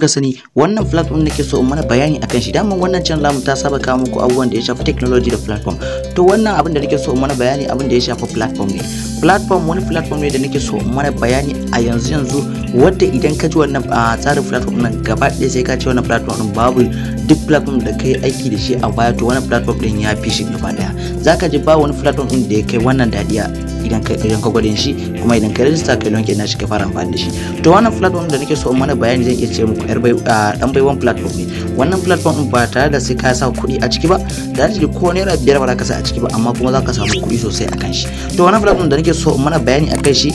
kuka sani wannan platform nake so in mana bayani akan shi daman wannan channel namu ta saba kawo muku abubuwan da ya shafi technology da platform to wannan abin da nake so in mana bayani abin da ya shafi platform ne platform wani platform ne da nake so in mana bayani a yanzu yanzu wadda idan ka ji wannan tsarin platform nan gaba ɗaya sai ka ce wannan platform ɗin babu duk platform da kai aiki da shi a baya to wannan platform ɗin ya fi shi gaba ɗaya ka ji ba wani platform ɗin da ya kai wannan dadiya idan ka idan ka gwadin shi kuma idan ka register kai lonke na shi ka fara amfani da shi to wannan platform da nake so in mana bayani zan iya ce muku yar bai dan bai platform ne wannan platform ɗin ba tare da sai ka sa kuɗi a ciki ba da ji ko naira biyar ba za ka sa a ciki ba amma kuma za ka samu kuɗi sosai a kan shi to wannan platform da nake so in mana bayani a kai shi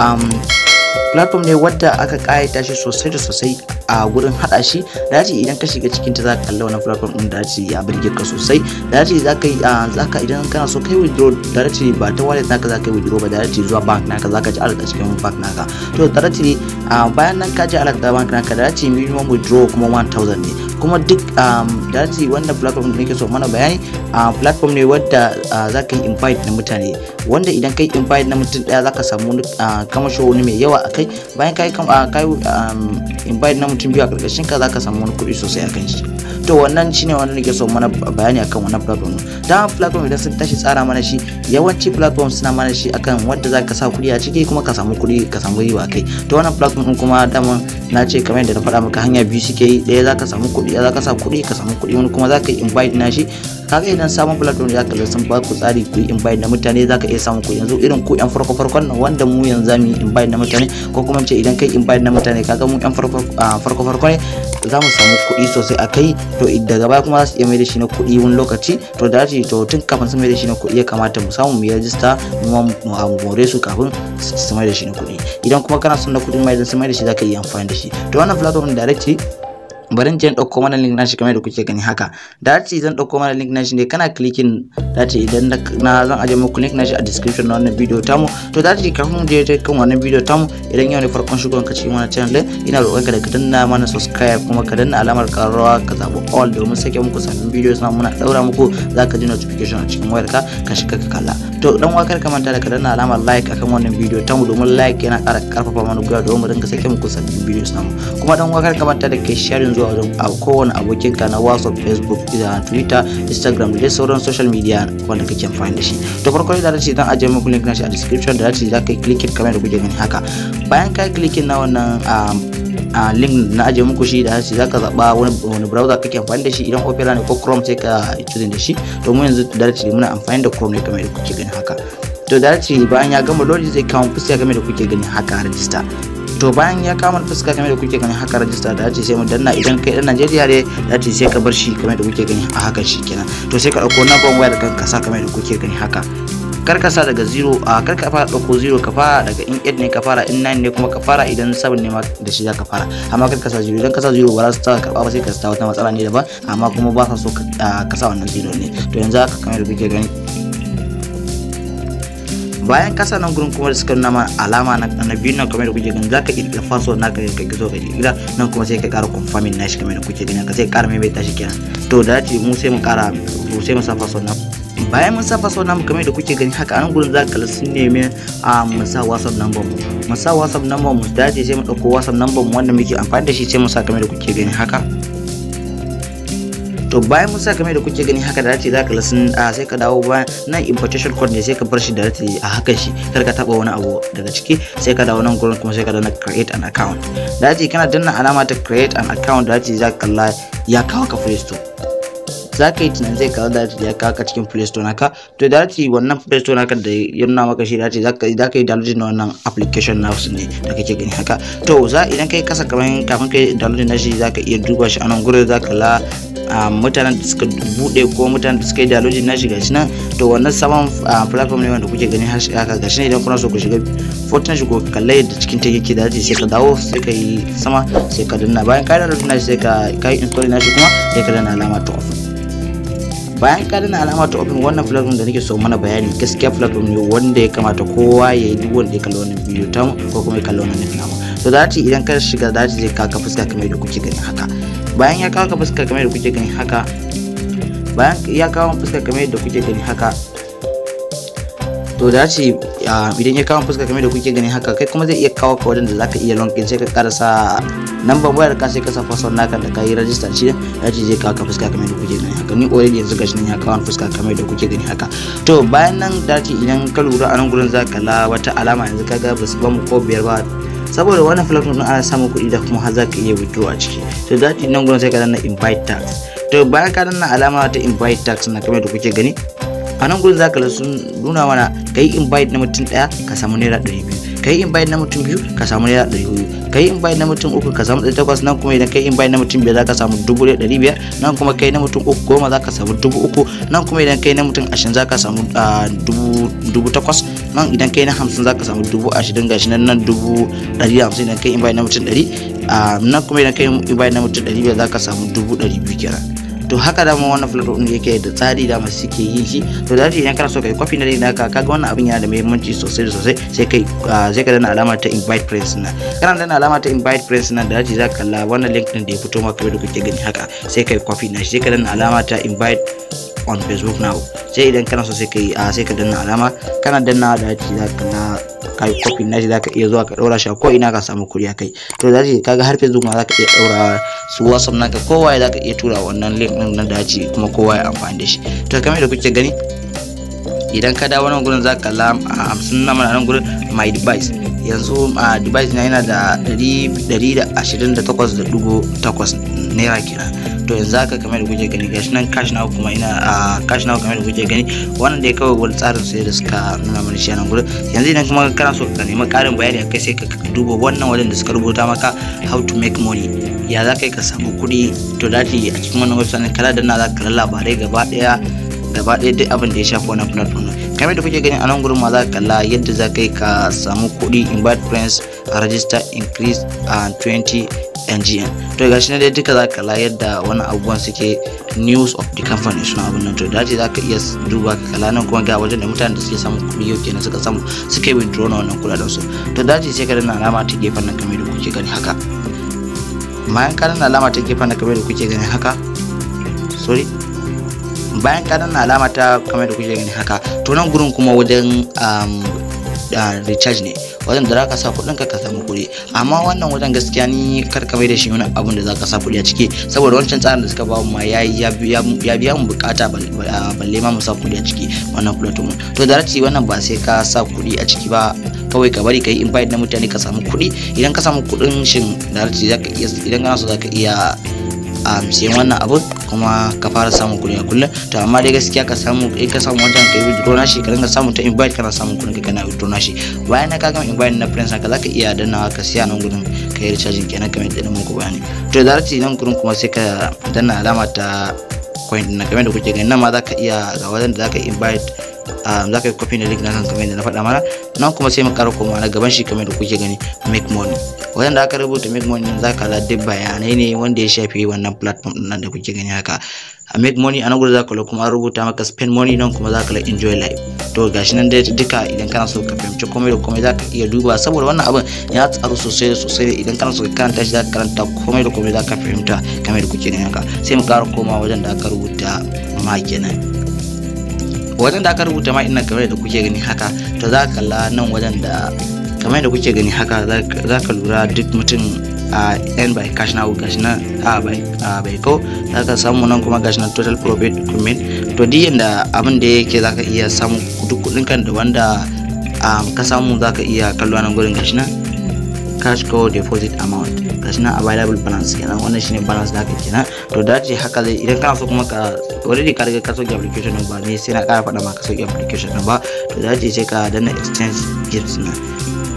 um, platform ne wadda aka ta shi sosai da sosai a gurin hada shi da ce idan ka shiga cikin ta za ka kalla wannan platform ɗin da ce ya burge ka sosai da ce za ka idan kana so kai withdraw da ce ba ta wallet naka za ka yi withdraw ba da ce zuwa bank naka za ka ji alaƙa cikin bank naka to da ce bayan nan ka ji alaƙa bank naka da ce minimum withdraw kuma 1000 ne kuma duk um, da ce wannan platform da nake so mana bayani a um, platform ne wadda uh, za ka yi invite na mutane wanda idan kai invite na mutum daya za ka samu uh, kama show wani mai yawa a kai bayan ka uh, um, invite na mutum biyu a karkashin ka za ka samu wani kuɗi sosai a kan shi to wannan shine wannan nake so mana bayani akan wannan platform da platform idan sun tashi tsara mana shi yawanci platform suna mana shi akan wanda zaka sa kuɗi a ciki kuma ka samu kuɗi ka samu riba kai to wannan platform din kuma dama na ce kamar yadda na faɗa maka hanya biyu suke yi ɗaya zaka samu kuɗi zaka sa kuɗi ka samu kuɗi wani kuma zaka yi invite na shi kaga idan samun platform ya kalli sun ba ku tsari ku yi invite na mutane zaka iya samun ku yanzu irin ku yan farko farkon nan wanda mu yanzu zamu yi invite na mutane ko kuma ce idan kai invite na mutane kaga mu yan farko ah, farko ne za mu samu kuɗi sosai a kai to daga baya kuma za su iya mai da shi na kuɗi wani lokaci to da ce to tun kafin su mai da shi na kuɗi ya kamata mu samu mu yi rajista mu more su kafin su mai da shi na kuɗi idan kuma kana son na kuɗin mai da su mai shi za ka iya amfani da shi to wannan platform directly bari in je in ɗauko mana link nashi kamar da kuke gani haka da ce zan ɗauko mana link nashi ne kana clicking da ce idan na zan aje muku link nashi a description na wannan bidiyo tamu to da ce kafin mu je kan wannan bidiyo tamu idan yau ne farkon shigon ka cikin mana channel ina roƙon ka da ka danna mana subscribe kuma ka danna alamar ƙararrawa ka zaɓi all domin sake muku sabbin bidiyo na muna ɗaura muku za ka ji notification a cikin wayarka ka shiga ka kalla to dan wakar ka manta da ka danna alamar like akan wannan bidiyo ta mu domin like yana ƙara karfafa mana gwiwa domin mu dinga sake muku sabbin bidiyo namu kuma dan wakar ka manta da kai sharing zuwa a kowane abokin ka na WhatsApp Facebook da Twitter Instagram da sauran social media wanda kake amfani da shi to farko da dace dan aje muku link na shi a description da dace za ka yi clicking kamar da kuke gani haka bayan ka yi clicking na wannan ah, a link na aje muku shi da shi zaka zaba wani browser kake amfani da shi idan opera ne ko chrome sai ka choose da shi domin yanzu da dace muna amfani da chrome ne kamar yadda kuke gani haka to da dace bayan ya gama loading zai kawo fuska kamar da kuke gani haka register to bayan ya kama fuska kamar da kuke gani haka register da dace sai mu danna idan kai dan Najeriya ne da dace sai ka bar shi kamar da kuke gani a haka shi kenan to sai ka dauko number waya da kanka sa kamar da kuke gani haka kar ka daga zero a karka fara dauko zero ka fara daga in 8 ne ka fara in nine ne kuma ka fara idan seven ne ma da shi ka fara amma kar ka sa zero idan ka sa zero ba za su ta karba ba sai ka sa wata matsala ne daban amma kuma ba sa so ka sa wannan zero ne to yanzu haka kamar da kuke gani bayan kasa nan gurin kuma da suka nuna mana alama na biyu nan kamar da kuke gani zaka kirkira password naka ka gizo ka kirkira nan kuma sai ka kara confirming nashi kamar da kuke gani ka sai ka kara maimaita shi kenan to da ce mu sai mu kara mu sai mu sa password na bayan mun safa sau namu kamar da kuke gani haka An gurin za ka sun neme a musa whatsapp number mu musa whatsapp number mu dace sai mu dauko whatsapp number mu wanda muke amfani da shi sai mu sa kamar da kuke gani haka to bayan mun sa kamar da kuke gani haka da za ka sun sai ka dawo bayan nan importation code ne sai ka bar shi da a haka shi kar ka taba wani abu daga ciki sai ka dawo nan gurin kuma sai ka dana create an account da kana danna alama ta create an account da za ka kalla ya kawo ka free store za ka yi tunanin zai kawo da ya kawo ka cikin play store naka to directory wannan play store naka da ya nuna maka shi directory za ka yi downloading na wannan application na su ne da kake gani haka to za idan kai kasa kamar kafin kai downloading na shi za ka iya duba shi a nan gurin za ka la mutanen da suka bude ko mutanen da suka yi downloading na shi gashi nan to wannan saman platform ne wanda kuke gani haka gashi nan idan kuna so ku shiga fortnite shi ko kallai da cikin ta yake da sai ka dawo sai ka yi sama sai ka danna bayan ka downloading na shi sai ka kai install na shi kuma sai ka danna alama to bayan ka danna alama ta open wannan platform da nake so mana bayani gaskiya platform ne wanda ya kamata kowa ya yi duk wanda ya kalli wannan bidiyo ta ko kuma ya kalli wannan nufin namu to da idan ka shiga da zai kaka fuska kamar da kuke gani haka bayan ya kaka fuska kamar da kuke gani haka bayan ya kawo fuska kamar da kuke gani haka to da ce idan ya kama fuska kamar da kuke gani haka kai kuma zai iya kawo ka wajen da zaka iya long sai ka karasa number wayar ka sai ka sa password naka da kai register shi da ce zai kawo ka fuska kamar da kuke gani haka ni already yanzu gashi nan ya kawo fuska kamar da kuke gani haka to bayan nan da ce idan ka lura a nan gurin zaka la wata alama yanzu kaga ba su ba mu ko biyar ba saboda wannan platform din ana samun kuɗi da kuma har ka iya withdraw a ciki to da nan gurin sai ka danna invite tax to bayan ka danna alama ta invite tax na kamar da kuke gani a nan gurin zaka lasu nuna mana in invite na mutum daya ka samu naira ɗari biyu ka yi in invite na mutum biyu ka samu naira ɗari biyu in invite na mutum uku ka samu dari takwas nan kuma idan in invite na mutum biyar zaka samu dubu ɗari biyar nan kuma kai na mutum uku goma zaka samu dubu uku nan kuma idan yi na mutum ashirin zaka samu ah, dubu takwas nan idan kai na hamsin zaka samu dubu ashirin gashi nan nan dubu ɗari hamsin idan in invite na mutum ɗari ah, nan kuma idan kai invite na mutum ɗari biyar zaka samu dubu ɗari biyu kenan. to haka dama wannan platform din yake da tsari dama suke yi shi to da idan kana so kai copy na da ka kaga wannan abin yana da muhimmanci sosai sosai sai kai ah, sai ka dana alama ta invite friends na kana danna alama ta invite friends na da za ka kalla wannan link din da ya fito maka da kuke gani haka sai kai copy na shi sai ka dana alama ta invite on facebook now sai idan kana so sai kai ah, sai ka danna alama kana danna da za ka kalla ka yi copy nashi zaka iya zuwa ka daura shi ko ina ka samu kuri kai to da ga har Facebook ma zaka iya daura su WhatsApp naka kowa zaka iya tura wannan link din na dace kuma kowa ya amfani da shi to kamar da kuke gani idan ka dawo nan gurin za ka kalla hamsin na mana nan gurin my device yanzu a device na yana da 128.8 naira kenan to yanzu haka kamar da kuke gani gashi nan cash now kuma ina a cash now kamar da kuke gani wannan dai kawai wani tsarin sai da suka nuna mana shi nan gurin yanzu idan kuma kana so ka nemi karin bayani akai sai ka duba wannan wajen da suka rubuta maka how to make money ya za ka yi ka samu kuɗi to dati a cikin wannan website kala da na za ka labarai gaba daya gaba ɗaya duk abin da ya shafi wannan platform kamar da kuke gani a nan gurin ma za ka kalla yadda za ka yi ka samu kuɗi in bad friends a register increase and 20 ngn to gashi ne dai duka za ka la yadda wani abubuwan suke news of the company suna abin nan to dace za ka iya duba ka kala nan kuma ga wajen da mutanen da suke samun kuɗi yau kenan suka samu suke withdraw na wannan kuɗaɗen su to dace sai ka dana alama ta gefen nan kamar da kuke gani haka bayan ka dana alama ta gefen nan kamar da kuke gani haka sorry bayan ka danna alama ta kamar da kuke gani haka to nan gurin kuma wajen um, recharge ne wajen da za ka sa kuɗin ka samu kuɗi amma wannan wajen gaskiya ni kar ka mai da shi wani abun da za ka sa kuɗi a ciki saboda wancan tsarin da suka ba mu ma ya biya mu bukata ah, balle ma mu sa kuɗi a ciki wannan platform to da wannan ba sai ka sa kuɗi a ciki ba kawai ka bari ka yi invite na mutane ka samu kuɗi idan ka samu kuɗin shin da idan kana so ka iya a siyan wannan abu kuma ka fara samun kuɗi a kullum to amma dai gaskiya ka samu in ka samu wajen ka yi na shi, ka dinga samu ta invite kana samun kuɗin ka kana na shi. bayan na ka gama invite na friends ka zaka iya danna ka siya nan gurin ka yi recharging kenan kamar yadda muku bayani to da zarci nan gurin kuma sai ka danna alama ta coin na kamar da kuke gani nan ma zaka iya ga wajen da zaka invite Ah, za ka yi copy da link kan kamar da na faɗa mana nan kuma sai mu ƙara koma na gaban shi kamar da kuke gani make money wajen da aka rubuta make money za ka la bayanai ne wanda ya shafi wannan platform ɗin nan da kuke gani haka a make money a nan gudu za ka kuma rubuta maka spend money nan kuma za ka enjoy life to gashi nan dai duka idan kana so ka fahimci komai da komai za ka iya duba saboda wannan abin ya tsaro sosai da sosai idan kana so ka karanta shi za ka karanta komai da komai za ka fahimta kamar da kuke gani haka sai mu ƙara koma wajen da aka rubuta ma kenan wajen da aka rubuta ma ina kamar da kuke gani haka to za ka kalla nan wajen da kamar da kuke gani haka za ka lura duk mutum a yan by cash na gashi na a by ko za ka samu nan kuma gashi na total profit document to duk yanda abin da yake za ka iya samu duk kudin kan da wanda ka samu za ka iya kallo nan gurin gashi na cash ko deposit amount gashi nan available balance kenan wannan shine balance da ka kenan to da ce haka zai idan kana so kuma ka already ka riga ka sauke application ba ne sai na kara faɗa ma ka sauke application ba to da ce sai ka danna exchange gifts na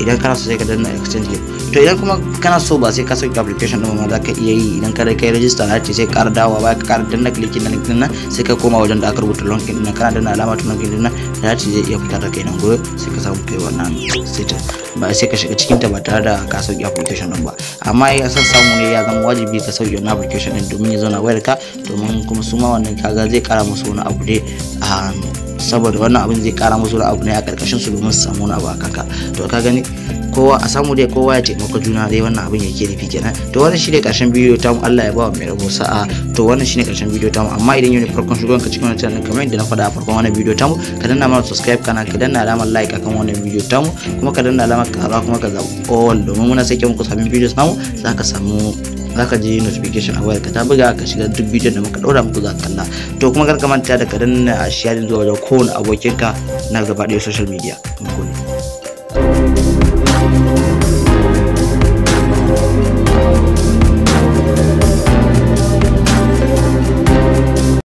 idan kana so sai ka danna exchange gate to idan kuma kana so ba sai ka sauke application din ma za ka iya yi idan ka kai register na ce sai ka dawowa ba ka ƙara danna click na link din nan sai ka koma wajen da aka rubuta link din nan kana danna alama ta login din nan na ce zai iya fitar da kai nan gobe sai ka samu kai wannan site ba sai ka shiga cikin ta ba tare da ka sauke application din ba amma ya san samu ne ya zama wajibi ka sauke wannan application din domin ya zauna wayar ka domin kuma su ma wannan kaga zai kara musu wani abu dai a um, saboda wannan abin zai kara musu da abu ne a karkashin su domin su samu wani abu a kanka to ka gani kowa a samu dai kowa ya taimaka juna dai wannan abin yake nufi kenan to wannan shine karshen bidiyo tamu Allah ya ba mai rabo sa'a to wannan shine karshen bidiyo tamu amma idan yau ne farkon shugaban ka cikin wannan channel kamar yadda na faɗa a farkon wannan bidiyo tamu ka danna mana subscribe kana ka danna alamar like akan wannan bidiyo tamu kuma ka danna alamar kara kuma ka zaɓi all domin muna sake muku sabbin bidiyo namu za ka samu zaka je notification a wayar ka ta buga ka shiga duk bidiyon da muka daura muku za kalla to kuma kar ka manta da ka danna sharing zuwa wajen kowane abokinka na gaba ɗaya social media